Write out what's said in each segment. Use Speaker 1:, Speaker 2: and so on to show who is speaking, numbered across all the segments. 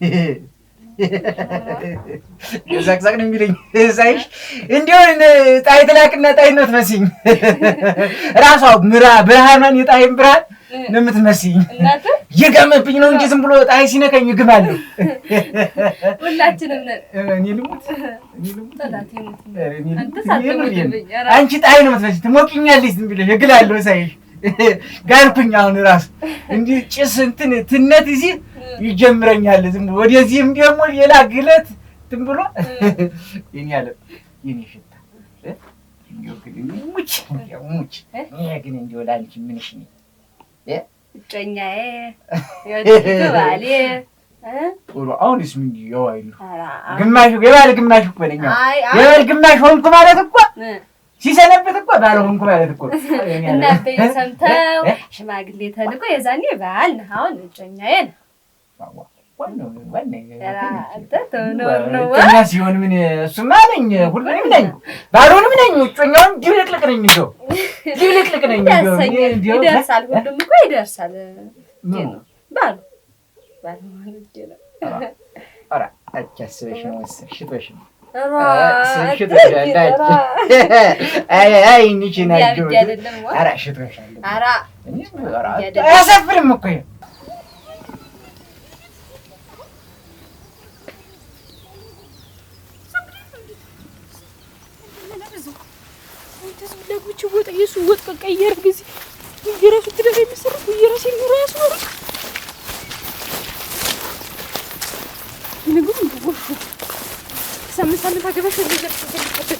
Speaker 1: የዛቅዛቅ ነው የሚለኝ ሳይሽ እንዲሁን ጣይ ትላቅና ጣይ ነው ትመስኝ። ራሷ ምራ ብርሃኗን የጣይን ብርሃን ነው የምትመስኝ። ነው እንጂ ዝም ብሎ ጣይ ሲነካኝ እግማለሁ። አንቺ ጣይ ነው የምትመስኝ። ዝም ብለሽ ሳይሽ ጋርኩኝ። አሁን ራስ እንዲህ ጭስ እንትን ትነት እዚህ ይጀምረኛል። ዝም ወደዚህም ደግሞ ሌላ ግለት እንትን ብሎ ይህን ያለ ይህን ይሽታ ሙች ሙች። ይሄ ግን እንዲሁ ምንሽ ምን የዋይሉ ግማሹ የባል ግማሹ እኮ የባል ግማሽ ሆንኩ ማለት እኮ ሲሰነበት እኮ ባለሆንኩ ማለት እኮ
Speaker 2: እናንተ የሰምተው ሽማግሌ ተልቆ የዛኔ በዓል ነህ። አሁን እጮኛዬ ነህ። እጮኛ
Speaker 1: ሲሆን ምን እሱማ ነኝ፣ ሁሉንም ነኝ፣ ባልሆንም ነኝ። እጮኛውን ድብልቅልቅ ነኝ፣ እንደው ድብልቅልቅ ነኝ።
Speaker 2: ይደርሳል፣ ሁሉም እኮ ይደርሳል። ባሉ ባሉ ማለት ነው።
Speaker 1: ኧረ አቻ ነው መሰለሽ ሽጦሽ ነው አያሳፍርም እኮ የእሱ ወጥ ቀየር ጊዜ እየራሱ ድረስ የሚሰሩት እየራሴ ኑሮ ሳምንት አገባሽ ሰው እዚህ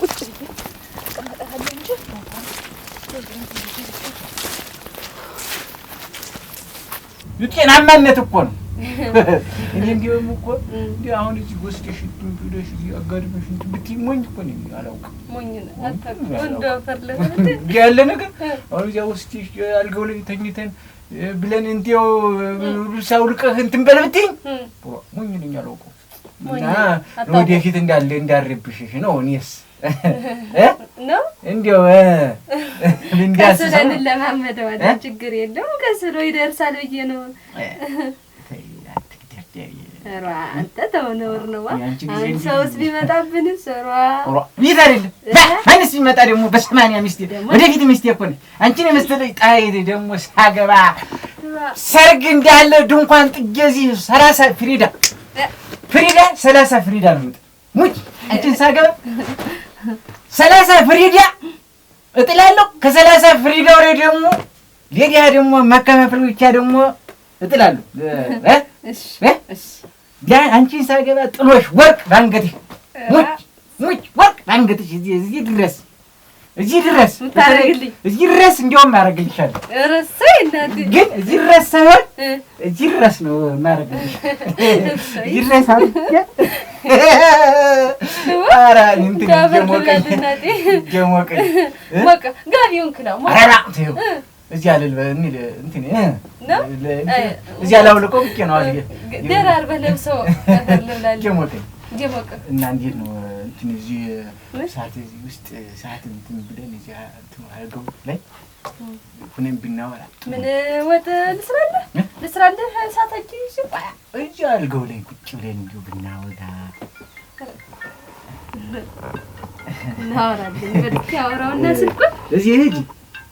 Speaker 1: ቁጭ ብዬ እንጂ የጤናማነት እኮ ነው። እኔ እንዲሁም እኮ እንዲ አሁን እዚህ ወስደሽ ሽቱን ዱደሽ እዚህ አጋድመሽ ብትይ ሞኝ እኮ ነው። አላውቅም ሞኝ ያለ ነገር አሁን እዚያ ወስደሽ አልጋው ላይ ተኝተን ብለን እንዲያው ሳውልቀህ እንትን በል ብትይኝ ሞኝ ነኝ አላውቀው እና ወደፊት እንዳለ እንዳረብሽሽ ነው። እኔስ
Speaker 2: እንዲያው ለማመደ ለማመደው ችግር የለም ከስሎ ይደርሳል ብዬ ነው። አንተ ተው ነውር ነው። አንድ ሰውስ ቢመጣብን ሰሯ
Speaker 1: ሚስት አይደለም አንስ ቢመጣ ደግሞ በሰማንያ ሚስቴ ወደፊት ሚስቴ እኮ ነች። አንቺን የመሰለኝ ጣይ ደግሞ ሳገባ ሰርግ እንዳለ ድንኳን ጥጌ እዚህ ሰላሳ ፍሪዳ ፍሪዳ ሰላሳ ፍሪዳ ነው የምጥ ሙጭ አንቺን ሳገባ ሰላሳ ፍሪዳ እጥላለሁ። ከሰላሳ ፍሪዳ ወሬ ደግሞ ሌዲያ ደግሞ ማከፋፈል ብቻ ደግሞ እጥላለሁ። እሺ እሺ ቢያን አንቺን ሳገባ ጥሎሽ ወርቅ ባንገትሽ ሙጭ ወርቅ ባንገትሽ እዚህ ድረስ እዚህ ድረስ እዚህ ድረስ እንዲያውም ማረግልሻለሁ። ግን እዚህ ድረስ ሳይሆን እዚህ ድረስ ነው ማረግልሽ። እዚህ ድረስ ኧረ እንትን እየሞቀኝ
Speaker 2: እየሞቀኝ ክላ
Speaker 1: እዚህ አልል በሚል እንትን እዚህ አላውልቆ ብቄ ነው አል
Speaker 2: ደራርበህ ለብሰው
Speaker 1: ሞቀኝ እና እንዴት ነው እንትን እዚህ ሰዓት እዚህ ውስጥ ሰዓት እንትን ብለን እዚህ አልገው ላይ ሁነን ብናወራ
Speaker 2: ምን ወጥ ልስራለህ ልስራለህ ሰዓታችን
Speaker 1: እዚህ አልገው ላይ ቁጭ ብለን እንዲሁ ብናወራ
Speaker 2: እናወራለን። በቃ አወራውና ስልኩን
Speaker 1: እዚህ ሂጂ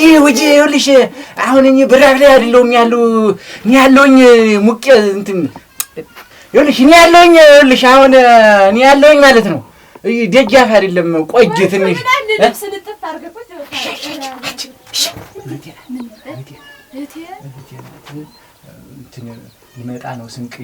Speaker 1: ይኸውልሽ አሁን እኔ ብራብ ላይ አይደለሁም ያለው እኔ ያለውኝ ሙቄ እንትን ይኸውልሽ እኔ ያለውኝ ይኸውልሽ አሁን እኔ ያለውኝ ማለት ነው ደጃፍ አይደለም ቆጅ ትንሽ ሊመጣ ነው ስንቅ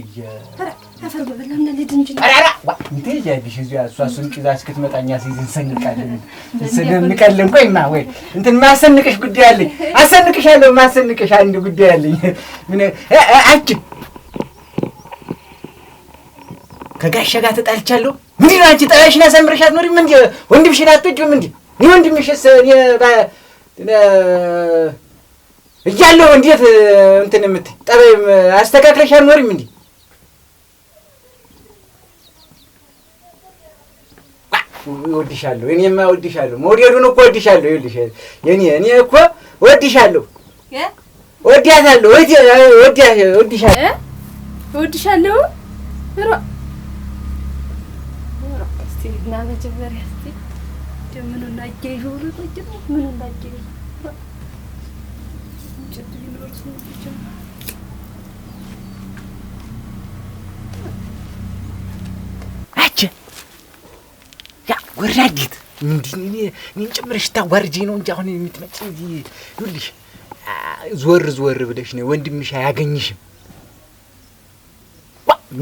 Speaker 1: እሷ ስንቅ ይዛ እስክትመጣኛ ሲዝ እንሰንቃለን ቆይማ ወይ እንትን ማሰንቅሽ ጉዳይ አለኝ። አሰንቅሻለሁ። ማሰንቅሽ አንድ ጉዳይ አለኝ። ምን አጭ ከጋሻ ጋር ተጣልቻለሁ። ምንድን ነው አንቺ ጠላሽን አሳምረሽ አትኖሪም እንዴ? ወንድምሽን አትወጂውም እንዴ? ወንድምሽስ እያለው እንዴት እንትን የምትይ ጠበይም አስተካክለሽ አልኖሪም እንዴ? እወድሻለሁ። እኔማ እወድሻለሁ። መውደዱን እኮ እወድሻለሁ። ይኸውልሽ የእኔ እኔ እኮ እወድሻለሁ፣ እወድያታለሁ፣ እወድሻለሁ፣
Speaker 2: እወድሻለሁ። መጀመሪያ ምኑን አያይዤ ብሎ ምኑን አያይዤ
Speaker 1: ያ ወራዲት እንዲህ እኔን ጭምርሽ ታዋርጄ ነው እንጂ አሁን የምትመጪ ይኸውልሽ፣ ዞር ዞር ብለሽ ነው ወንድምሽ አያገኝሽም።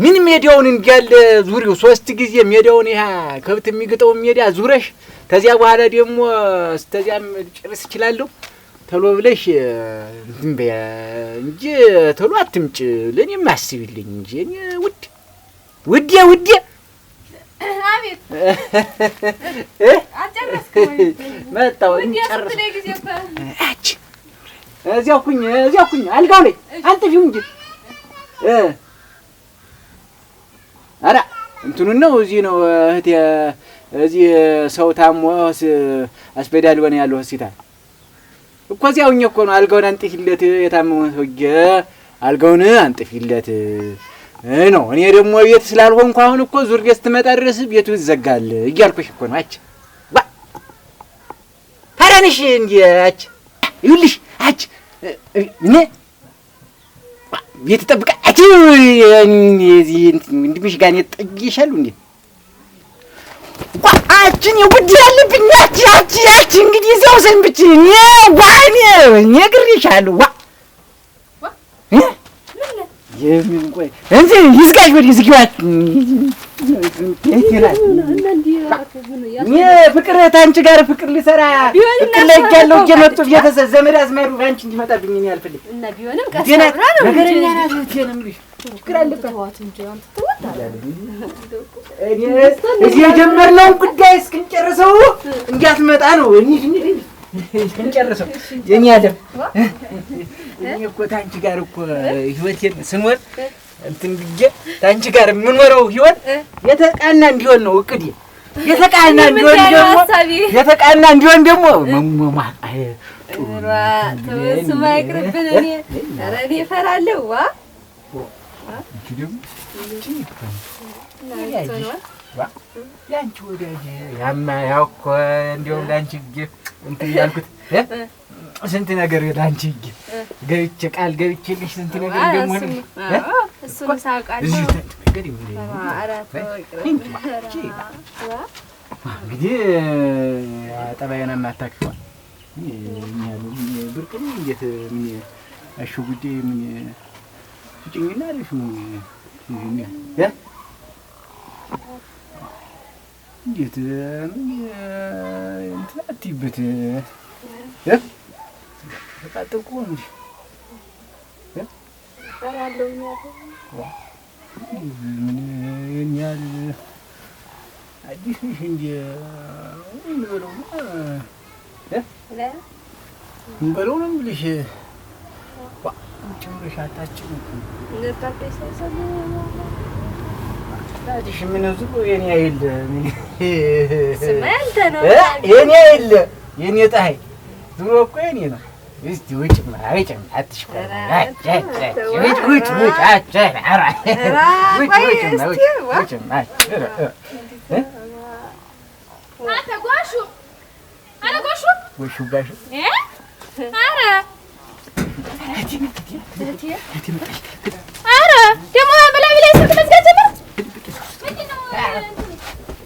Speaker 1: ምን ሜዳውን እንዲያለ ዙሪው ሶስት ጊዜ ሜዳውን ያ ከብት የሚግጠው ሜዳ ዙረሽ ከዚያ በኋላ ደግሞ ስተዚያም ጭርስ እችላለሁ ተሎ ብለሽ እንትን በያ እንጂ ተሎ አትምጭ። ለእኔም አስቢልኝ እንጂ ውድ ውዴ ውዴ መጣሁ። እዚያው አልጋው ላይ አንጥፊው እንጂ ኧረ እንትኑን ነው። እዚህ ነው እህቴ፣ እዚህ ሰው ታሞ አስፔዳል ሆነ ያለው ሆስፒታል እኮ እዚያው እኛ እኮ ነው። አልጋውን አንጥፊለት፣ የታመመ ሰውዬ አልጋውን አንጥፊለት። ነው። እኔ ደግሞ ቤት ስላልሆንኩ አሁን እኮ ዙሬ ስትመጣ ድረስ ቤቱ ይዘጋል እያልኩሽ እኮ ነው። አች ፈረንሽ እንዲ አች ይኸውልሽ፣ አች እኔ ቤት ጠብቀ አች እንድምሽ ጋር እኔ ጠይሻሉ እንዴ አችን የጉድ ያለብኝ አች አች አች እንግዲህ እዚያው ሰንብች እኔ ጓኔ እኔ ግሬሻለሁ ዋ እንትን ይዝጋጅ ወዲህ ዝጊዋት ፍቅር ታንቺ ጋር ፍቅር ሊሰራ ፍቅር ላይ ያለው እየመጡ ቤተሰብ ዘመድ አዝማዱ አንቺ እንዲመጣብኝ እኔ አልፈልግም። ነገረኛ ናት ችግር እኔ እዚህ የጀመርነውን ጉዳይ እስክንጨርሰው እንዳትመጣ ነው። እንጨርሰው። የእኛ ደም እኔ እኮ ታንቺ ጋር እኮ ህይወቴን ስኖር እንትን ብዬ ታንቺ ጋር የምኖረው ህይወት የተቃና እንዲሆን ነው እቅዴ። የተቃና እንዲሆን ደግሞ የተቃና እንዲሆን ደግሞ
Speaker 2: እሱማ አይቅርብን። እኔ እኔ እፈራለሁ ዋ
Speaker 1: የአንቺ ወዳጅ ያማ ያው እኮ እንዲያውም ለአንቺ እንትን ስንት ነገር ለአንቺ ገብቼ ቃል ገብቼልሽ ስንት ነገር እንግዲህ ብርቅ እንዴት ምን እሺ ጉዴ ምን ጭኝና እንዴት እንትን አትይበት እንጂ ምን ያህል አዲስ ነሽ እንጂ ነው የምልሽ። ጭምርሽ አታችም ታዲሽ ምን የኔ አይል የኔ የለ የኔ ጠሀይ ድሮ እኮ የኔ ነው። እስቲ ውጭ ውጭ አትሽሽ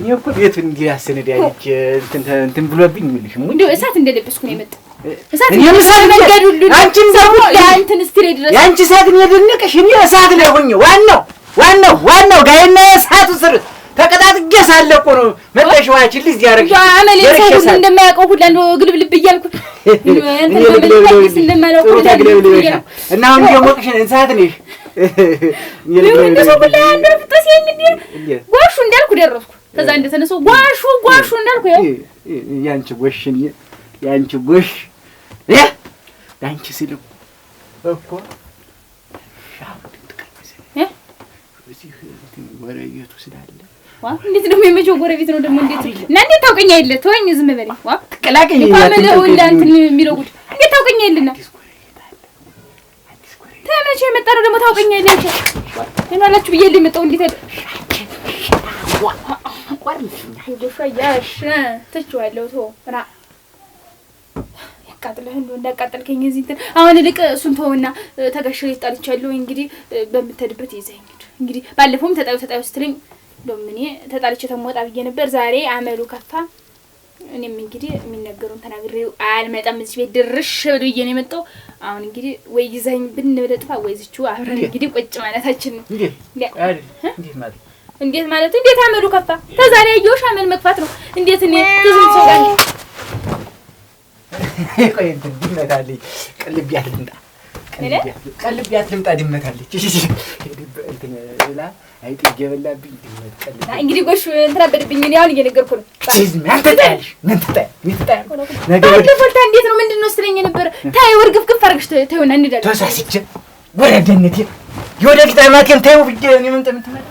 Speaker 1: እኔ እኮ ቤቱ እንዲያስንድ ያለች እንትን ብሎብኝ ይኸውልሽ፣
Speaker 2: እንደው እሳት እንደለበስኩ ነው የመጣው።
Speaker 1: እሳት የአንቺ እሳት እኔ ደነቀሽ። እኔ እሳት ላይ ሆኜ ዋናው ዋናው ዋናው ጋይና እሳቱ ስር ተቀጣጥጌ ሳለ ነው መጣሽ። ዋችን ልጅ ያረግሽ
Speaker 2: አመሌ እሳቱን እንደማያውቀው ሁላ እንደው ግልብልብ እያልኩ
Speaker 1: እና አሁን የሞቅሽን እሳት ነሽ
Speaker 2: እንደሱ ሁላ ያንደፍጥስ የሚል ጎሹ እንዳልኩ ደረስኩ ከዛ እንደተነሳው ጓሹ ጓሹ እንዳልኩ ያው
Speaker 1: ያንቺ ጎሽ ያንቺ ጎሽ ያንቺ ሲል እኮ ጎረቤቱ ስላለ
Speaker 2: እንዴት ደግሞ የመቼው ጎረቤት ነው ደግሞ? እንዴት እና እንዴት ታውቀኛ የለ ተወኝ፣ ዝም በለኝ። የሚለው ጉድ እንዴት ታውቀኛ የለና ተመቼ የመጣ ነው ደግሞ ታውቀኛ የለ። ይቻል ምን አላችሁ ብዬ የመጣው እንዴት
Speaker 1: ይቆርልኛል።
Speaker 2: ጎሻ ያሽ ትችዋለሁ። ቶ ራ ያቃጥልህ እንዶ እንዳቃጠልከኝ እዚህ እንትን አሁን ልቅ እሱን ተወና ተጋሽ ይጣልቻለሁ። እንግዲህ በምትሄድበት ይዘኝ እንግዲህ ባለፈውም ተጣዩ ተጣዩ ስትለኝ እንደውም እኔ ተጣልቼ ተሞጣ ብዬ ነበር። ዛሬ አመሉ ከፋ። እኔም እንግዲህ የሚነገሩን ተናግሬው አልመጣም። እዚህ ቤት ድርሽ ብዬ ነው የመጣው። አሁን እንግዲህ ወይ ይዘኝ ብን ወይ ዝቹ አብረን እንግዲህ ቁጭ ማለታችን ነው። እንዴት ማለት እንዴት አመዱ ከፋ ተዛሬ ያየሁሽ አመል መግፋት ነው። እንዴት እኔ ትዝም ሰውጋኝ
Speaker 1: ቆይ እንትን ድመት አለኝ። ቀልቢያት ልምጣ ቀልቢያት ልምጣ ድመት እንትን ብላ አይጥ እየበላብኝ ድመት
Speaker 2: ቀልብ እንግዲህ ጎሽ እንትን አበድብኝ። እኔ አሁን እየነገርኩ ነው።
Speaker 1: አንተ ምን ትታያለሽ? ምን ትታያለሽ?
Speaker 2: ነገር ፈልታ እንዴት ነው ምንድን ነው ስትለኝ የነበረ ታይ ወርግፍ ግፍ አድርግሽ ተይውና እንዳለ ተሳስቼ ወደ ደነቴ የወደፊት አማቴን ታዩ ብዬሽ እኔ ምን ተምትመጣ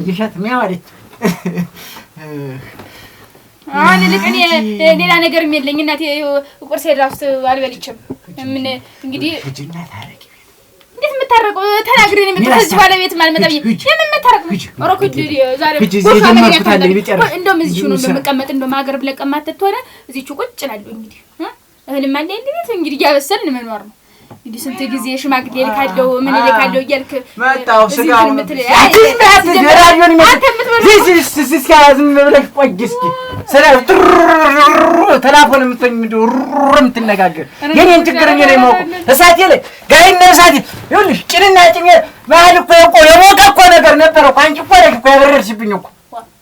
Speaker 2: እየሸጥም ያው አለች። አሁን ልቅ እኔ ሌላ ነገርም የለኝ እናቴ፣ ቁርሴ እራሱ አልበልቼም። ምን እንግዲህ እንዴት የምታረቀው ተናግሬ ነው የምትለው። እዚህ ባለቤትም አልመጣም ብዬሽ የምን መታረቀው እንደምቀመጥ እንደውም ሀገር ብለቀማተት ሆነ እዚሁ ቁጭ እላለሁ። እንግዲህ እህልም አለ እንግዲህ እያበሰልን መኖር ነው እንግዲህ ስንት ጊዜ ሽማግሌ ልካለው ምን ልካለው እያልክ መጣሁ። ስጋ የምትነጋገር የኔን ችግር እኔ ላይ ማወቁ እሳቴ ላይ ጋይና እሳቴ ይኸውልሽ፣ ጭንና ጭኔ መሀል እኮ የሞቀ እኮ ነገር ነበረ እኮ አንቺ እኮ ነሽ እኮ ያበረርሽብኝ እኮ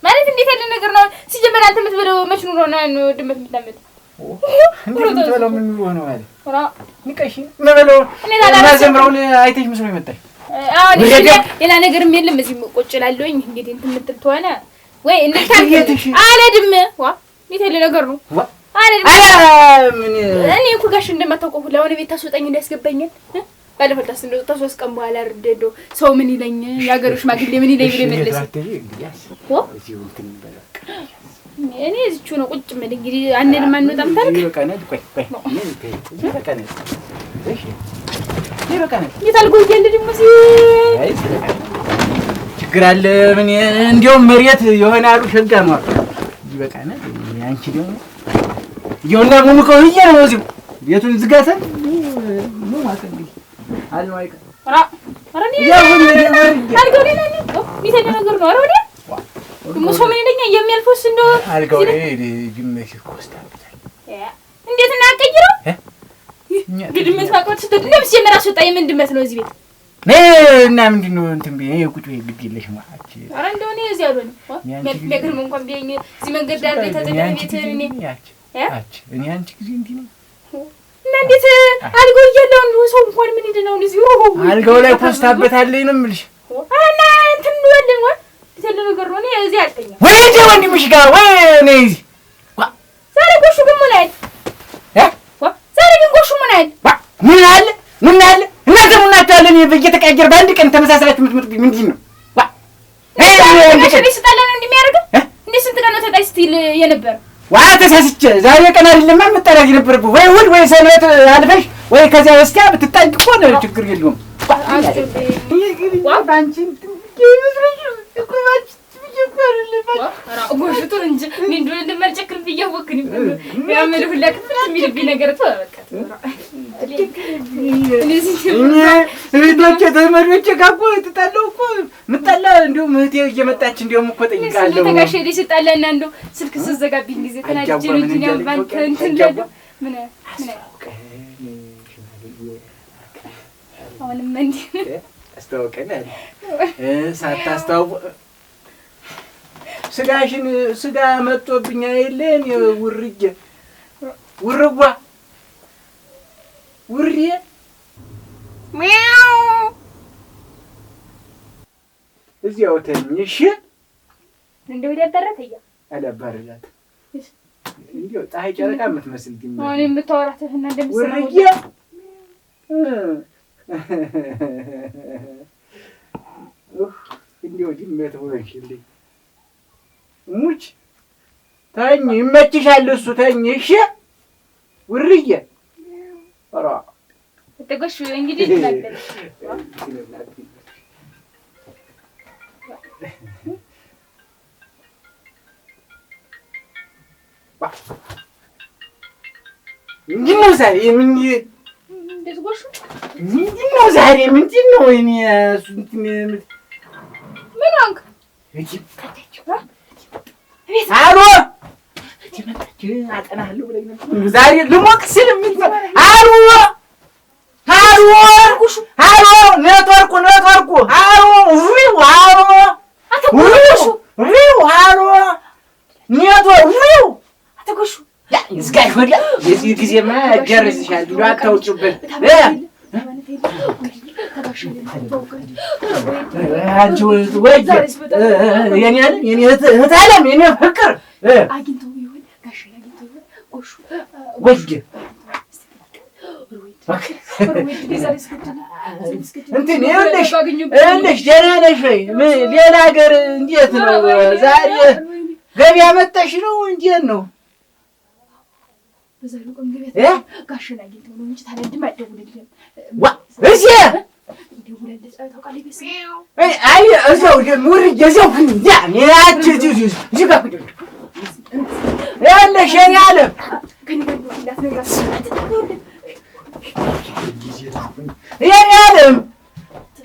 Speaker 2: ማለት እንዴት ያለ ነገር ነው? ሲጀመር አንተ የምትበለው መች ኑሮ ነው ድመት የምታመጣው? እንደምትበላው ምን ሆነ ማለት ንቀሽ መበለው ማዘምረውን አይተሽ ምስሎ ይመጣል። ሌላ ነገርም የለም። እዚህ ቁጭ እላለሁኝ። እንግዲህ እንትን የምትል ትሆነ ወይ አልሄድም። ዋ የተለ ነገር ነው። እኔ እኮ ጋሽ እንደማታውቀው ሁላ ቤት ታስወጣኝ እንዳያስገባኛል ባለፈው ታስ እንደው ተሶስት ቀን በኋላ ርደዶ ሰው ምን ይለኝ፣ የሀገሩ ሽማግሌ ምን ይለኝ ብለህ መለሰ። እኔ እዚቹ ነው ቁጭ ምን እንግዲህ አንንም አንወጣም ታልክ ይበቃናል። ቆይ ቆይ ይበቃናል። እሺ ይበቃናል። ችግር አለ ምን እንዲያውም መሬት የሆነ አሉ ሸጋ ነው አሉ ይበቃናል። አንቺ ደግሞ ነው እዚሁ ቤቱን ነው ሙሶ ምን ይለኛል የሚያልፈውስ እንደው አልጋው ላይ ግመሽ ኮስታ እንዴት እና አትቀይረው ግድመት ማቅረት ስትወጥ ለብስ የመራስ ወጣ የምን ድመት ነው እዚህ ቤት እና ምንድን ነው እንትን ብዬሽ እኔ ቁጭ ግድ የለሽም። ኧረ እንደው እኔ እዚህ አልሆንም የሚያገርም እንኳን ብዬሽ እዚህ መንገድ ዳር ላይ እኔ አንቺ ጊዜ እንዲህ ነው እና እንዴት አልጋው እያለሁ እንዲሁ ሰው እንኳን ምን ይድነው እዚህ አልጋው ላይ ኮስታበታለኝ ነው የምልሽ እና እንትን እንውላለን ወይ ወንድምሽ ጋር ወይ እዚህ ዛሬ ጎሹ ግን ምን አለ? ዛሬ ግን ጎሹ ምን አለ? ምን አለ? ምን አለ? እናንተ ምን አታለን እየተቀያየር በአንድ ቀን ተመሳሰላችሁ የምትመጡብኝ ምንድን ነው? ስጣለን እንደሚያደርገው እንደ ስንት ቀን ነው ተጣይ ስትል የነበረ ዋ ተሳስቼ ዛሬ ቀን አይደለማ መጣላት የነበረብህ ወይ እሑድ ወይ ሰንበት አልፈሽ ወይ ከዚያ በስቲያ ብትጣይ እኮ ችግር የለውም። ጎሽቱን እህቶቼ ዘመዶቼ ጋር እኮ ትጣለው እኮ ምጣላ እንዲሁም እህቴ እየመጣች እንዲሁም እኮ ጠይቃለሁ ተጋሽ ሄደ ሲጣላ እንደው ስልክ ስትዘጋብኝ ጊዜ ተናድጄ ነው እንጂ እኔ አሁን እንትን እላለሁ። ምን አሁንም እንዲህ አስተዋውቀን አለ ስጋሽን ስጋ መጥቶብኛ የለን ውርጀ ውርዋ ውሬ ሚያው እዚያው ተኝሽ እንደው ደበረት እያ አላባረላት እንዲው ፀሐይ ጨረቃ የምትመስል ግን አሁን የምታወራት እና እንደምሰራ ውርዬ እንዲሁ ድመት ሆነችልኝ። ሙች ተኝ፣ ይመችሻል። እሱ ተኝ። እሺ ውርዬ ኧረ ተጎሽ እንግዲህ ምንድን ነው ዛሬ ምን ምንድን ነው ዛሬ? ምንድን ነው ወይኔ ምን ሆንክ? አሎ ዛሬ ልሞቅ ስል አሎ አሎ አሎ ኔትወርኩ ኔትወርኩ አሎ ይህ ጊዜማ የኔ ፍቅር እንትን ይኸውልሽ ይኸውልሽ ደህና ነሽ ወይ? ሌላ ሀገር እንዴት ነው ዛሬ ገበያ መጣሽ ነው እንዴት ነው? ጋሽን አግኝተው ነው እንጂ ታዲያ ድም አይደውልልህም። እዚያው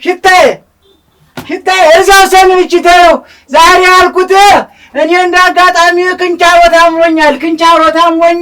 Speaker 2: ሽታዬ ሽታዬ እዛው ሰምንች ተይው። ዛሬ አልኩት እኔ እንደ አጋጣሚ ክንቻሮት አሞኛል። ክንቻሮት አሞኝ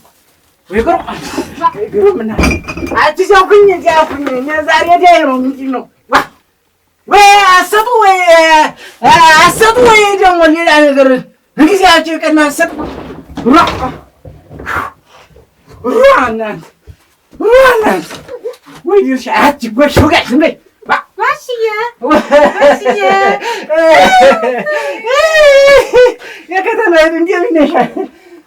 Speaker 2: አሰጡ ወይ አሰጡ ወይ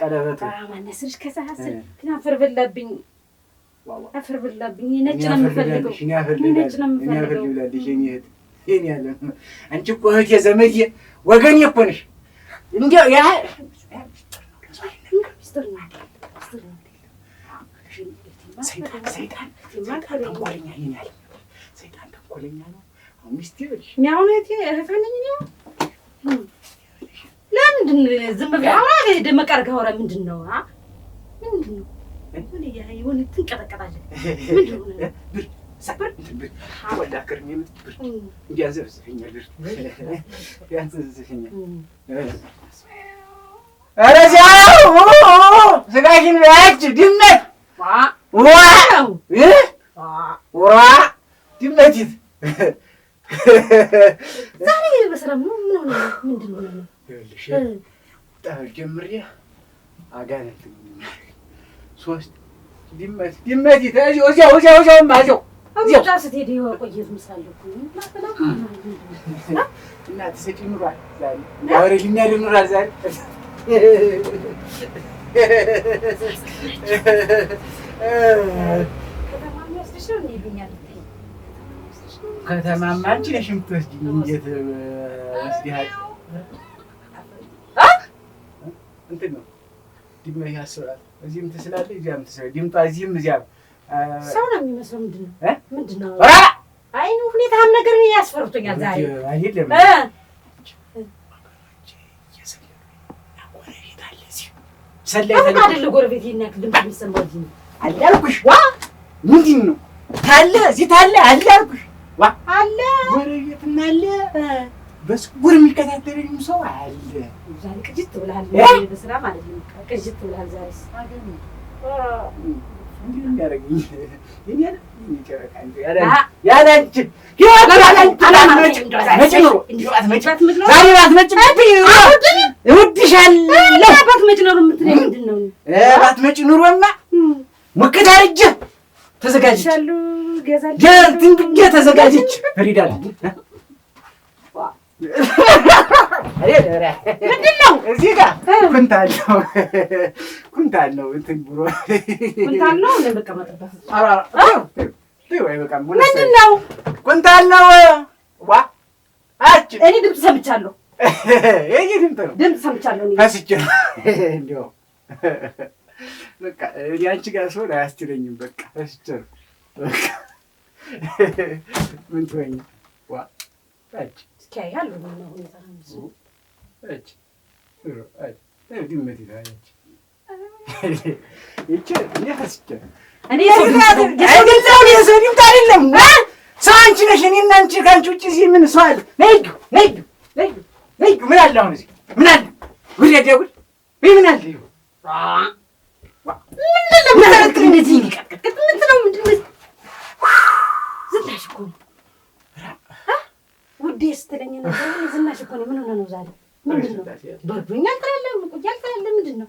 Speaker 2: ቀለበቱ ማነስልሽ ከሰሀስል ግን አፈር በላብኝ፣ አፈር በላብኝ። ነጭ ነው የምፈልገው፣ ነጭ ነው የምፈልገው። ብላለሽ የእኔ እህት ይሄን ያለ አንቺ እኮ እህቴ ዘመዴ ወገኔ እኮ ነሽ። እንዲያው ያ ሰይጣን ተንኮለኛ ነው። ሚስቴ እህቴ እህት ነኝ ነው ለምንድን ዝም ብለህ አውራ ሄደህ መቀርግ አውራ ምንድን ነው? ምንድን ነው? የሆነ ትንቀጠቀጣለህ። ምንድን ነው? ብር ስጋሽን በያች ድመት ድመት ይኸውልሽ ጠበል ጀምሬ አጋንንት ሶስት ድመት ድመት እዚያው እዚያው እዚያው እዚያውማ እዚያው እዚያው ስትሄድ ቆየት ምሳለ እናት ስጪ ኑሯል ዛሬ ያወረልኛ ኑሯል ዛሬ ከተማማ አንቺ ነሽ የምትወስጂኝ እንዴት ወስዲሃል እንትን ነው ድመ ያስብላል። እዚህም ትስላለህ፣ እዚያም ትስላለህ። ድምጧ እዚህም እዚያም ሰው ነው የሚመስለው። ምንድን ነው ምንድን ነው? አይ ሁኔታም ነገር ያስፈርቶኛል ዛሬ ታለ እዚህ ታለ አለ አልኩሽ። ዋ አለ ጎረቤትም አለ በስጉር የሚከታተለኝ ሰው አለ። ዛሬ ቅጅት ብላል፣ በስራ ማለት ነው። ቅጅት ብላል ዛሬ ባትመጪ ኑሮማ ሙክት አርጀ ተዘጋጀች፣ ገዛልኝ ተዘጋጀች ሪዳል ምንድን ነው እዚህ ጋር ኩንታል ነው ኩንታል ነው እንትን ብሎ ምንድን ነው ኩንታል ነው ዋ አች እኔ ድምፅ ሰምቻለሁ ድምፅ ሰምቻለሁ አንቺ ጋር አያስችለኝም በቃ ፈስቼ ነው ምን ትሆኝ ዋ አች ይታያል። ሰው አንቺ ነሽ። እኔ እና አንቺ ከአንቺ ውጭ እዚህ ምን ሰው አለ? ምን አለ አሁን እዚህ ምን አለ? ጉድ ያደጉድ ምን አለ? ምንድን ነው? ውዴ ስትለኝ ነገር ዝናሽ እኮ ምን ሆነ ነው ዛሬ ምንድን ነው በዱኛ አልጠላለ ሙቁያ አልጠላለ ምንድን ነው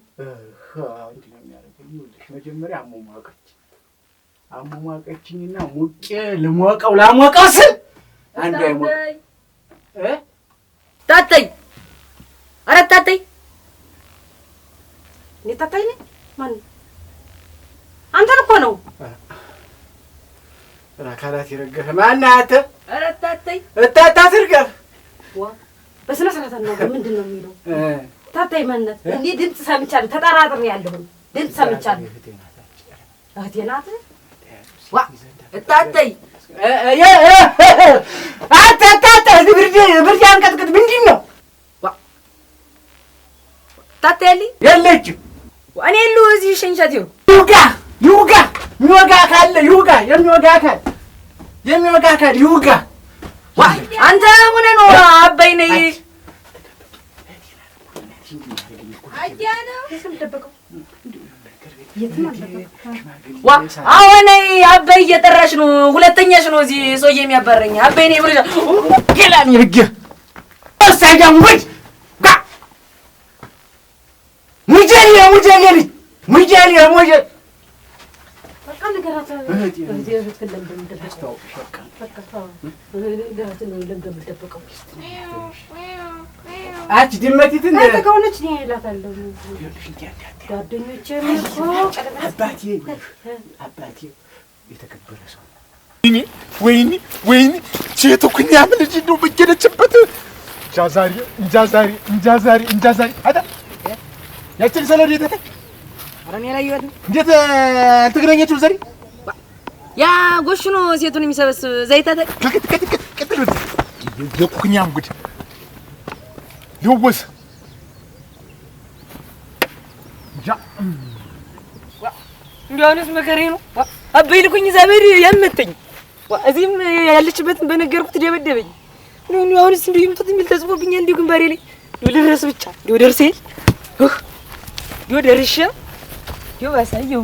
Speaker 2: እንዲህ ነው የሚያደርገኝ ይኸውልሽ መጀመሪያ አሟሟቀች አሟሟቀችኝና ሙቄ ልሞቀው ላሞቀው ስል አንድ አይሞቅ ታተኝ አረ ታተኝ እኔ ታተኝ ነኝ ማን አንተን እኮ ነው አካላት የረገፈ ማና አንተ? ኧረ እታታይ እታታይ ስርገፍ በስነ ስርዓት አናውቅም። ምንድን ነው የሚለው እታታይ ማነት? እኔ ድምፅ ሰምቻለሁ፣ ተጠራጥሬ ያለሁኝ ድምፅ ሰምቻለሁ። እህቴ ናት እታታይ። አንተ እታታይ፣ እዚህ ብርድ አንቀጥቅጥ። ምንድን ነው እታታይ? ያለኝ የለችም። እኔ የለሁ እዚህ ሸኝቻት ይኸው ይውጋ ይውጋ የሚወጋ ካለ ይውጋ የሚወጋ ካለ የሚወጋ ካል ይውጋ። አንተ ምን ነው አባይ ነይ አዎ ነይ አባይ እየጠራሽ ነው። ሁለተኛሽ ነው እዚህ ሰውዬ የሚያባረኝ አባይ ነይ ብለሻል። ገላን ይርግ ወሳጃም ወይ ሙጀሌ ሙጀሌ ልጅ ሙጀሌ ሙጀሌ አች ድመቲትን ከሆነች እላታለሁ። ጓደኞቼም አባቴ አባቴ የተከበረ ሰው ወይኔ ወይኔ ወይኔ ቼቶኩኛ ምን ልጅ ነው በገደችበት። እንጃ ዛሬ እንጃ ዛሬ እንጃ ዛሬ እንጃ ዛሬ አዳ ያችን ሰለድ የት ነበር? ኧረ እኔ እንዴት አልተገናኛችሁም ዛሬ? ያ ጎሽኖ ሴቱን የሚሰበስብ ዘይታ ተቀጥቅጥቅጥቅጥቅጥቅጥ የኩኛም ጉድ ልውውስ እንዲያውንስ መከሬ ነው። አበይ ልኩኝ ዘመድ ያመጠኝ እዚህም ያለችበትን በነገርኩት ደበደበኝ። እንዲሁ አሁንስ እንዲሁ ይምጡት የሚል ተጽፎብኝ እንዲሁ ግንባሬ ላይ እንዲሁ ልድረስ ብቻ እንዲሁ ደርሴ እንዲሁ ደርሼ እንዲሁ ባሳየው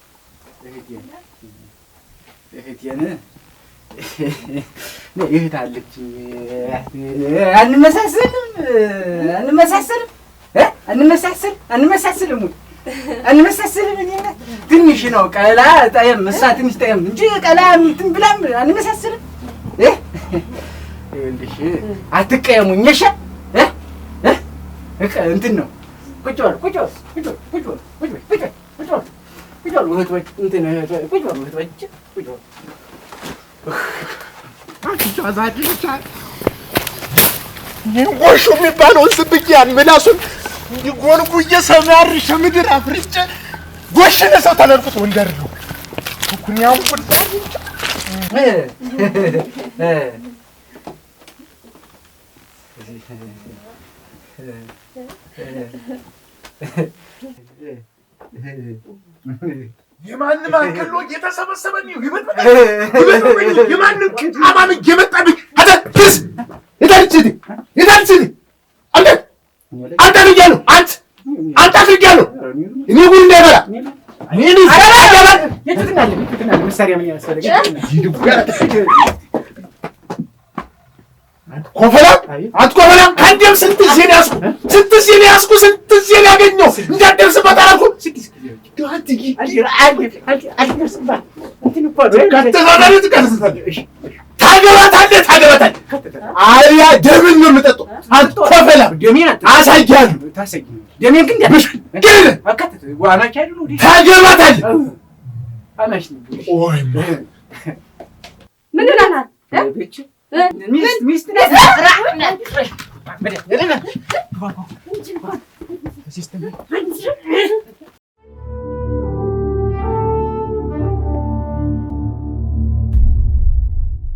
Speaker 2: እህቴን እህቴን እህት አለች። አንመሳሰልም አንመሳሰልም አንመሳሰል አንመሳሰልም አንመሳሰልም። እኔና ትንሽ ነው ቀላ ጠየም እሷ ትንሽ ጠየም እንጂ ቀላ እንትን ብላም አንመሳሰልም። ይኸውልሽ አትቀየሙኝ። እሺ እንትን ነው ቁጭ በል ቁጭ በል ቁጭ በል ቁጭ በል ቁጭ በል Uite-l, uite-l, uite-l, uite-l, uite-l, uite-l, uite-l. አሽጫዛጭ ብቻ ይወሹ የሚባለውን ስብቅያን ምላሱን ጎንጉዬ ሰማርሽ ምድር አፍርጬ ጎሽነ ሰው ተለልቁት ወንደር ነው ኩኩኛውን ቁርጣ Yeah. የማንም አከሎ የተሰበሰበ ነው ይመጣ የማንም አማን የመጣብኝ አታ ትዝ ይታልችት ይታልችት አንተ አንተ ልጅ አንተ አንተ ልጅ እኔ ጉድ እንዳይበላ ምን ይሰራል? የትናለ የትናለ መሳሪያ ምን ያሰረገ ይድጋር ኮፈላ አንተ ኮፈላ ከአንዴም ስንት ዜና ያዝኩ ስንት ዜና ያዝኩ ስንት ዜና ያገኘው እንዳትደርስበት አላልኩም hadi git. Hadi hadi hadi hadi nasıl bak. Hadi ne para? Katta kadar hadi katta hadi. ታገባታለህ ታገባታለህ። አያ ደምን ነው የምጠጣው። አንተ ኮፈላ ደሜን አሳያል ታሰጊ ደሜን ግን ደሽ ግን አካተተ ዋናች አይደሉ ታገባታለህ። አናሽ ኦይ ምን ላናል ሚስት ሚስት ሚስት